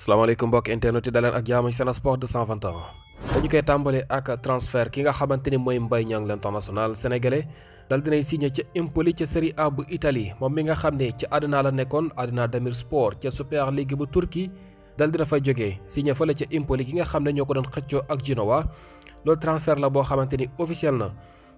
salaamaaleykum mbokk internet yi daleen ak jaamu ci Sen Sport 221 dañu koy tàmbale ak transfert ki nga xamante ni mooy Mbaye Niang l'international sénégalais dal dinay signé ca Empoli ca Serie A bu Italie moom mi nga xam ne ca Adana la nekkoon Adana Demirspor ca Super League bu Turquie dal dina fay jógee signé fële ca Empoli gi nga xam ne ñoo ko doon xëccoo ak Genoa loolu transfert la boo xamante ni officiel na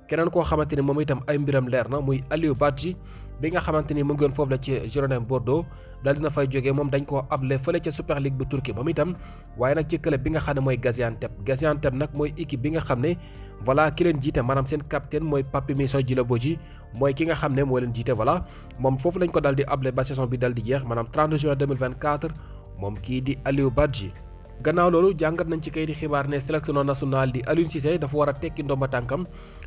keneen koo xamante ni moom itam ay mbiram leer na muy Aliou Badji bi nga xamanteni mu ngi woon foofu la ci Girondin Bordeaux dal dina fay joge mom dañ ko able fele ci Super League bu Turquie mom itam waye nak ci club bi nga xamne moy Gaziantep Gaziantep nak moy équipe bi nga xamne voilà ki len jité manam sen capitaine mooy Papimiso Djilobodji moy ki nga xamne mo len jité voilà mom lañ ko dal di able ba saison bi dal di jeex manam 30 juin 2024 mom ki di Aliou Badji gannaaw lolu jangat nañ ci kay di xibaar ne sélectionneur national di Aliou Cissé dafa wara tekki ndomba tankam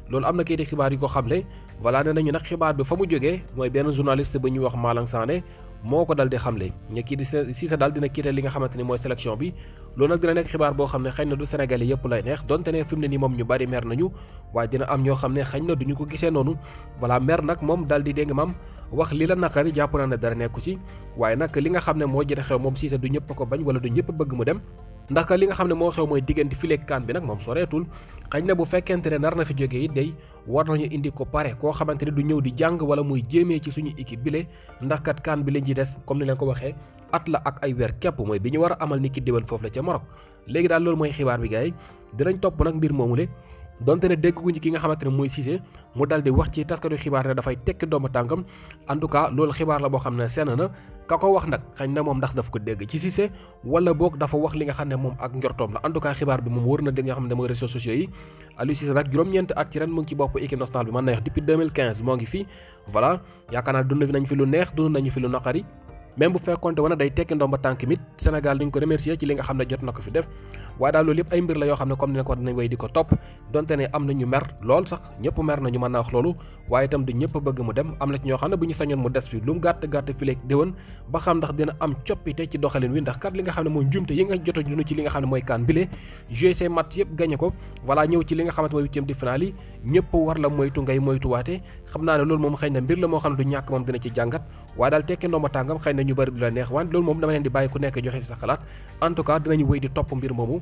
loolu am na kayiti xibaar yu ko xamle voilà nee nañu nag xibaar bi fa mu jógee mooy benn journaliste ba ñuy wax Malang Sané moo ko dal di xamle ña kii di Cissé daal dina quitter li nga xamante ni mooy sélection bi loolu nag dina nekk xibaar boo xam ne xëy na du Sénégalais yëpp lay neex donte ne fi mu ne nii moom ñu bari mer nañu waaye dina am ñoo xam ne xëy na duñu ko gisee noonu voilà mer nag moom dal di dégg maam wax li la naqari jàpp naa ne dara nekku ci waaye nag li nga xam ne moo jëte xew moom Cissé du ñëpp ko bañ wala du ñëpp bëgg mu dem ndax li nga xam ne moo xew mooy diggante file kan bi nag moom soreetul xëy na bu fekkente ne nar na fi jógee it day war nañu indi ko pare koo xamante ne du ñëw di jàng wala muy jéemee ci suñu équipe bile ndax kat kan bi lañ ci des comme ni leen ko waxee at la ak ay weer képp mooy bi ñu war a amal ni ki déwén foofu la ca Maroc léegi daal loolu mooy xibaar bi gars yi topp nag mbir moomule donte ne dégguñu ki nga xamante ne mooy Cissé mu dal di wax ci taskatu xibaar ne dafay tekki doomu tànkam en tout cas loolu xibaar la boo xam ne seen na ka ko wax nag xañ na moom ndax daf ko dégg ci Cissé wala boog dafa wax li nga xam ne moom ak njortoom la en tout cas xibaar bi moom wër na li nga xam ne mooy réseaux sociaux yi Aliou Cissé nag juróom-ñeenti at ci ren mu ngi ci bopp équipe nationale bi mën na depuis moo ngi fi voilà yaakaar naa dund lu neex dund nañu fi lu naqari même bu fekkonte wane day tekki ndomba tànk mit Sénégal dañ ko remercier ci li nga xam ne jot na ko fi def waaye daal loolu yëpp ay mbir la yoo xam ne comme ni ko war dinañ wéy di ko topp donte ne am na ñu mer lool sax ñëpp mer nañu mën naa wax loolu waaye itam du ñëpp bëgg mu dem am na ci ñoo xam ne bu ñu sañoon mu des fi lu mu gàtt gàtt fileeg déwén ba xam ndax dina am coppite ci doxalin wi ndax kat li nga xam ne mooy njumte yi nga jot a ci li nga xam ne mooy kaan bile joué ses match yëpp gagné ko voilà ñëw ci li nga xamante mooy huitième de finale yi ñëpp war la moytu ngay moytuwaate xam naa ne loolu moom xëy na mbir la moo xam ne du ñàkk moom dina ci jàngat waaye daal tekkee ndooma tàngam xëy na ñu bari du la neex waan loolu moom dama leen di bàyyi ku nekk joxe si sa xalaat en tout cas dinañu wéy di topp mbir moomu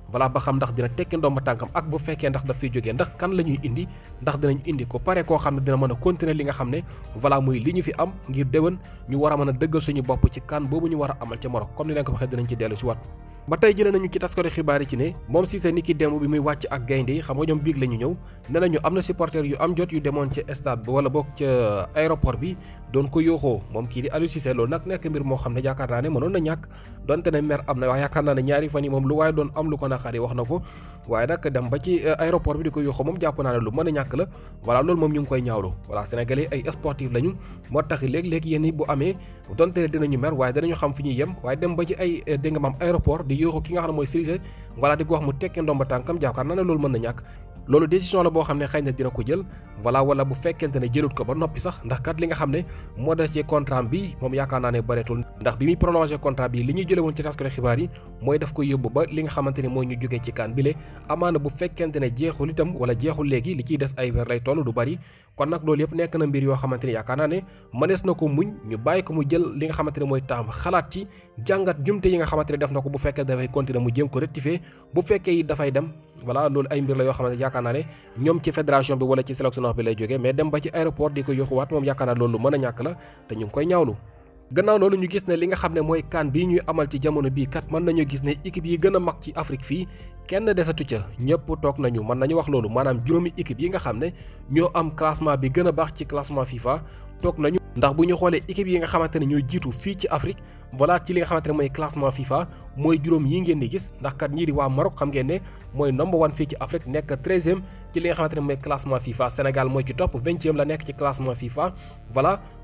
voilà ba xam ndax dina tekki ndomba tànkam ak bu fekkee ndax daf fiy ndax kan la indi ndax dinañ indi ko pare koo xam ne dina mën a continuer li ñu fi am ngir déwén ñu war a mën a moom na supporter doon ko ne mer am na waaye yaakaar naa ne ñaari fan yi moom lu waaye doon am lu ko na xar yi wax na ko waaye nag dem ba ci euh, aéroport bi di ko yoxoo moom jàpp naa ne lu mën a ñàkk la voilà loolu moom ñu ngi koy ñaawlu voilà sénégalais ay sportif lañu moo tax léeg-léeg yéen bu amee donte dinañu mer waaye danañu xam fi ñuy yem waaye dem ba ci ay euh, dégg nga maam aéroport di yoxu ki nga xam ne mooy Cissé voilà di ko wax mu tekkee ndomba tànkam jàpp naa ne loolu mën na ñàkk loolu décision la boo xam ne xëy na dina ko jël voilà wala bu fekkent ne jëlut ko ba noppi sax ndax kat li nga xam ne moo des ci contrat bi moom yaakaar naa ne bareetul ndax bi muy prolongé contrat bi li ñuy jële woon ci taskatu xibaar yi mooy daf ko yóbbu ba li nga xamante ne mooy ñu jógee ci kaan bile amaana bu fekkente ne jeexul itam wala jeexul léegi li ciy des ay weer lay toll du bari kon nag loolu yëpp nekk na mbir yoo xamante ne yaakaar naa na ko muñ ñu bàyyi ko mu jël li nga xamante ne mooy taam xalaat ci jàngat jumte yi nga xamante ne def na ko bu fekkee dafay continuer mu jéem ko rectifier bu fekkee dafay dem voilà loolu ay mbir la yoo xamante yaakaar naa ne ñoom ci fédération bi wala ci sélectionneur bi lay jógee mais dem ba ci aéroport di ko yoxuwaat moom yaakaar naa loolu mën a ñàkk la te ñu ngi koy ñaawlu gannaaw loolu ñu gis ne li nga xam ne mooy kaan bi ñuy amal ci jamono bii kat mën nañu gis ne équipe yi gën a mag ci Afrique fii kenn desatu ca ñëpp toog nañu mën nañu wax loolu maanaam juróomi équipe yi nga xam ne ñoo am classement bi gën a baax ci classement FIFA toog nañu ndax bu ñu xoolee équipe yi nga xamante ne ñooy jiitu fii ci Afrique voilà ci li nga xamante ne mooy classement FIFA mooy juróom yi ngeen di gis ndax kat ñii di waa Maroc xam ngeen ne mooy number one fii ci Afrique nekk 13e ci li nga xamante ne mooy classement FIFA mooy ci topp 20e la nekk ci classement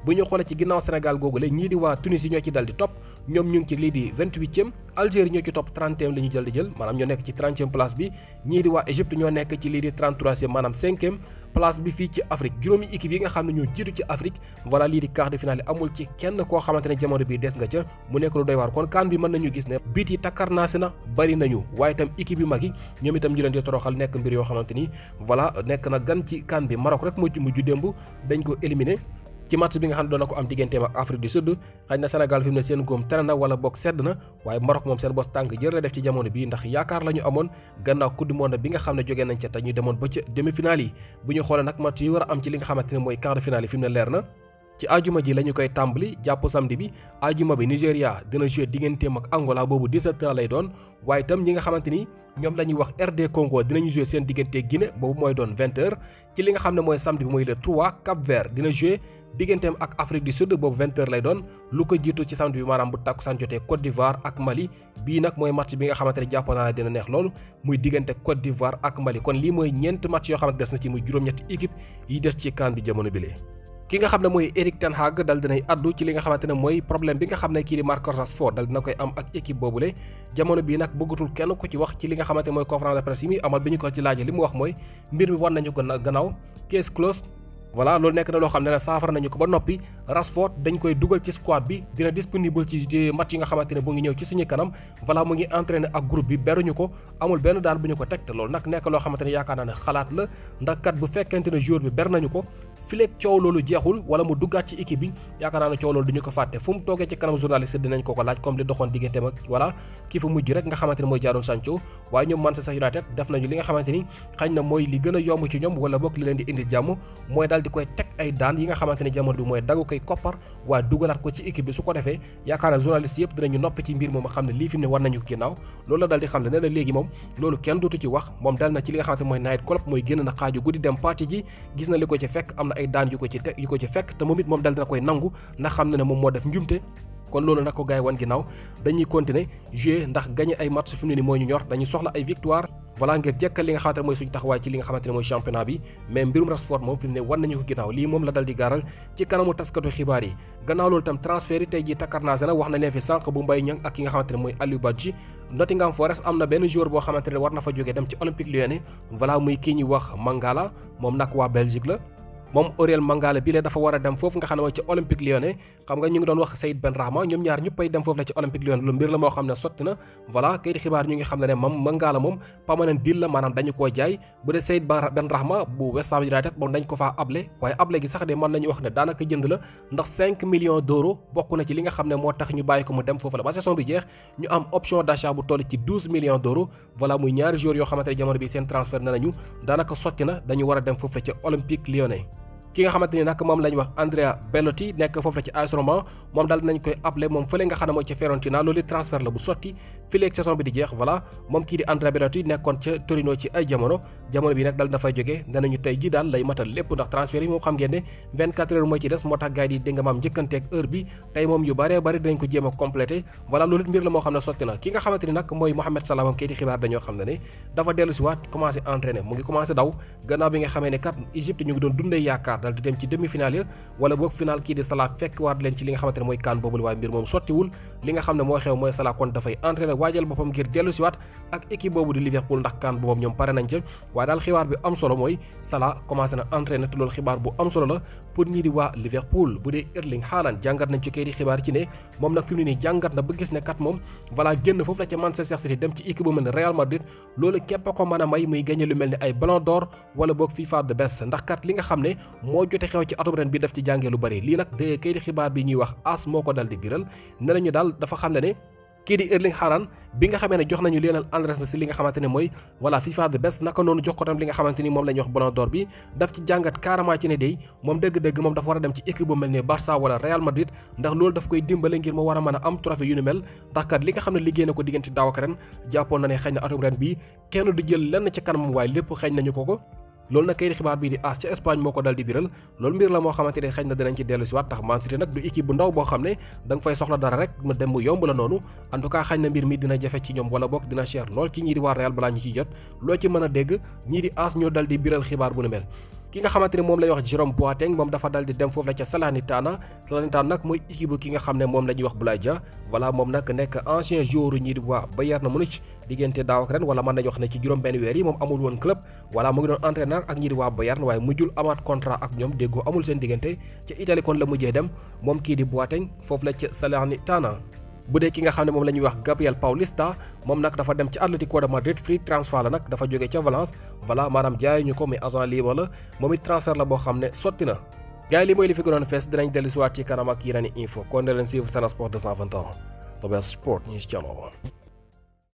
xoolee ci ginnaaw Sénégal googu la ñii di waa Tunisie ñoo ci dal di topp ñoom ñu ngi ci lii di 28e Algérie ñoo ci topp 30e la ñu nekk ci e place bi ñii ci lii e fii ci Afrique juróomi équipe yi nga xam ne ñoo jiitu ci Afrique voilà lii di quart de finale amul ci kenn koo xamante ne jamono bii des nga ca mu nek lu doy war kon kan bi man nañu gis ne biti takar takkar na bari nañu waye tam équipe bi magi ñom itam ñu leen di toroxal nek mbir yo xamanteni voilà nek na gan ci kan bi Maroc rek mo ci ju dembu dañ ko éliminer ci match bi nga xamne do nako am digënté ak Afrique du Sud xëy na Sénégal fi ne seen wala bok sedd na waaye Maroc mom seen bos tank jeur la def ci jamono bi ndax yaakar lañu amone amoon gannaaw coupe du monde bi nga xamne nañ ci ñu ba ci demi finale yi bu ñu xolé nak match yi wara am ci li nga xamanteni moy quart de finale fi ci aljuma ji lañu koy tambali japp samedi bi ajuma bi Nigeria dina jouer digenté mak Angola Bobu 17h lay doon waye tam ñi nga xamanteni ñom lañuy wax RD Congo dinañu jouer sen digenté guiné Bobu moy doon 20h ci li nga xam moy samedi bi moy le 3 Cap Vert dina jouer ak Afrique du Sud Bobu 20h lay doon lu ko jitu ci samedi bi manam bu tàkkusaan jotee Côte d'Ivoire ak Mali bi nak moy match bi nga xamante ne na dina neex lool muy digenté Côte d'Ivoire ak Mali kon li moy ñent match yo xamante dess na ci muy juroom ñet équipe yi dess ci camp bi jamono ki nga xam ne mooy Eric Ten Hag dal dinay addu ci li nga xamante ne mooy problème bi nga xam ne kii di Marcus Rashford dal dina koy am ak équipe boobule jamono bii nag bëggatul kenn ku ci wax ci li nga xamante mooy conférence de ko ci laajee li mu wax mooy mbir ko gannaaw case close voilà loolu nekk na loo xam ne saafara nañu ko ba noppi Rashford dañ koy dugal ci squad bi dina disponible ci match yi nga xamante ne bu ngi ñëw ci suñu kanam voilà mu ngi entraîné ak groupe bi beruñu ko amul benn daan bu ñu ko teg te loolu nag nekk loo xamante ne yaakaar naa ne xalaat la ndax kat bu fekkente ne joueur bi ber nañu ko fileeg coow loolu jeexul wala mu duggaat ci équipe bi yaakaar naa coow loolu du ko fàtte fu toogee ci kanam journaliste dinañ ko ko laaj a yomb ci ñoom wala bokk li leen ko ci moom dal na ci li nga xamante mooy night club mooy génn na xaaju guddi dem party ji gis na li ko ci fekk am na ay daan yu ko ci te yu ko ci fekk te moom it moom dal dina koy nangu ndax xam na ne moom moo def njumte kon loolu nag ko gars wan ginnaaw dañuy continuer jouer ndax gagné ay match fi mu mooy ñu ñor dañuy soxla ay victoire voilà ngir jekkal li nga xamante ne mooy suñu taxawaay ci li nga xamante ne mooy championnat bi mais mbirum Rashford moom fi mu ne wan nañu ko ginnaaw lii moom la dal di gaaral ci kanamu taskatu xibaar yi gannaaw loolu tam transfert na wax na leen fi sànq bu ne mooy Aliou Badji am na benn joueur boo xamante ne war na fa jógee dem ci Olympique Lyonnais voilà muy kii ñuy wax Mangala moom nag waa la moom Aurel Mangala bi lee dafa war a dem foofu nga xam ne mooy ci Olympique Lyonnais xam nga ñu ngi doon wax Saïd Benrahma ñoom ñaar ñëppay dem foofu la ci Olympique Lyonnais lu mbir la moo xam ne sotti na voilà kayit xibaar ñu ngi xam ko faa able waaye able gi sax de mën nañu wax ne daanaka jënd la ndax 5 millions d'euros na ci li nga xam ne moo tax ñu bàyyi ko mu dem foofu la ba saison bi jeex ñu am option d'achat bu toll ci 12 millions d'euros muy ñaari joueurs yoo xamante jamono bi seen transfert ne nañu daanaka sotti na dañu war a dem foofu la ci Olympique Lyonnais ki nga xamante ni mooy ca Fiorentina loolu yi moom a xam ne sotti na ki xibaar dañoo xam ne dafa dellu waat commencé entraîné mu ngi commencé daw gannaaw bi nga xamee ne kat Égypte ñu ngi doon dundee yaakaar dal di dem ci demi-finale ya wala boog final kii di Salah fekk waat leen ci li nga xamante ne mooy kaan boobul waaye mbir moom sottiwul li nga xam ne moo xew mooy Salah kon dafay entraîné waajal boppam ngir dellu waat ak équipe boobu di Liverpool ndax kaan boobu ñoom pare nañ ca waaye daal xibaar bi am solo mooy Salah commencé na entraîné te loolu xibaar bu am solo la pour ñii di waa Liverpool bu dee Erling Haaland jàngat nañ ci kay di xibaar moo jote xew ci atum bi daf ci jàngee lu bari lii nag de kayiti xibaar bi ñuy wax as moo ko dal di biral ne nañu daal dafa xam ne ne kii Erling Haaland bi nga xamee ne jox nañu Lionel Andrés Messi li nga xamante ne mooy voilà FIFA the best naka noonu jox ko tam li nga xamante ni moom la ñuy wax Ballon d'Or bi daf ci jàngat carrément ci ne day moom dëgg-dëgg moom dafa war a dem ci équipe bu mel ne Barça wala Real Madrid ndax loolu daf koy dimbale ngir a mën am trophée yu ni mel ndax nga xam ne liggéey ko diggante daaw ak ren jàppoon na ne xëy na atum ren bi kenn du jël lenn ci kanamam waaye lépp xëy nañu ko ko loolu na kayit xibaar bii di AS ca Espagne moo ko dal di biral loolu mbir la moo xamante ne xëy na dinañ ci dellu si waat tax Man City nag du équipe bu ndaw boo xam ne da nga fay soxla dara rek mu dem bu yomb la noonu en tout cas xëy na mbir mi dina jafe ci ñoom wala bokk dina cher lool ci ñii di waa Real balaa ñu ciy jot loo ci mën a dégg ñii di AS ñoo dal di biral xibaar bu nu mel ki nga xamanteni mom moom lay wax Jérôme Boateng moom dafa daldi dem fofu la ca Salernitana Salernitana nak mooy équipe ki nga xamne mom moom la wax Boulaye Dia voilà moom nag nekk ancien joueur ñi di waa Bayern Munich diggante daaw ak ren wala man nañ wax ne ci juróom ben weer yi mom amul won club wala mo ngi don entraîneur ak ñi di waa Bayern mu jul amat contrat ak ñom déggoo amul seen diggante ci Italie kon la mujjé dem moom kii di Boateng fofu la ca Salernitana budé ki nga xamné mom lañuy wax Gabriel Paulista mom nak dafa dem ci Atlético de Madrid free transfer la nak dafa joggé ci Valence voilà maanaam jaay ñuko mais agent libre la momi transfer la bo xamné sorti na. gaay li moy li fi gënon fess dinañ ci waat ci kanam ak yéne info kon ne leen suivre Sen Sport 220 ans Tobias sport news channel.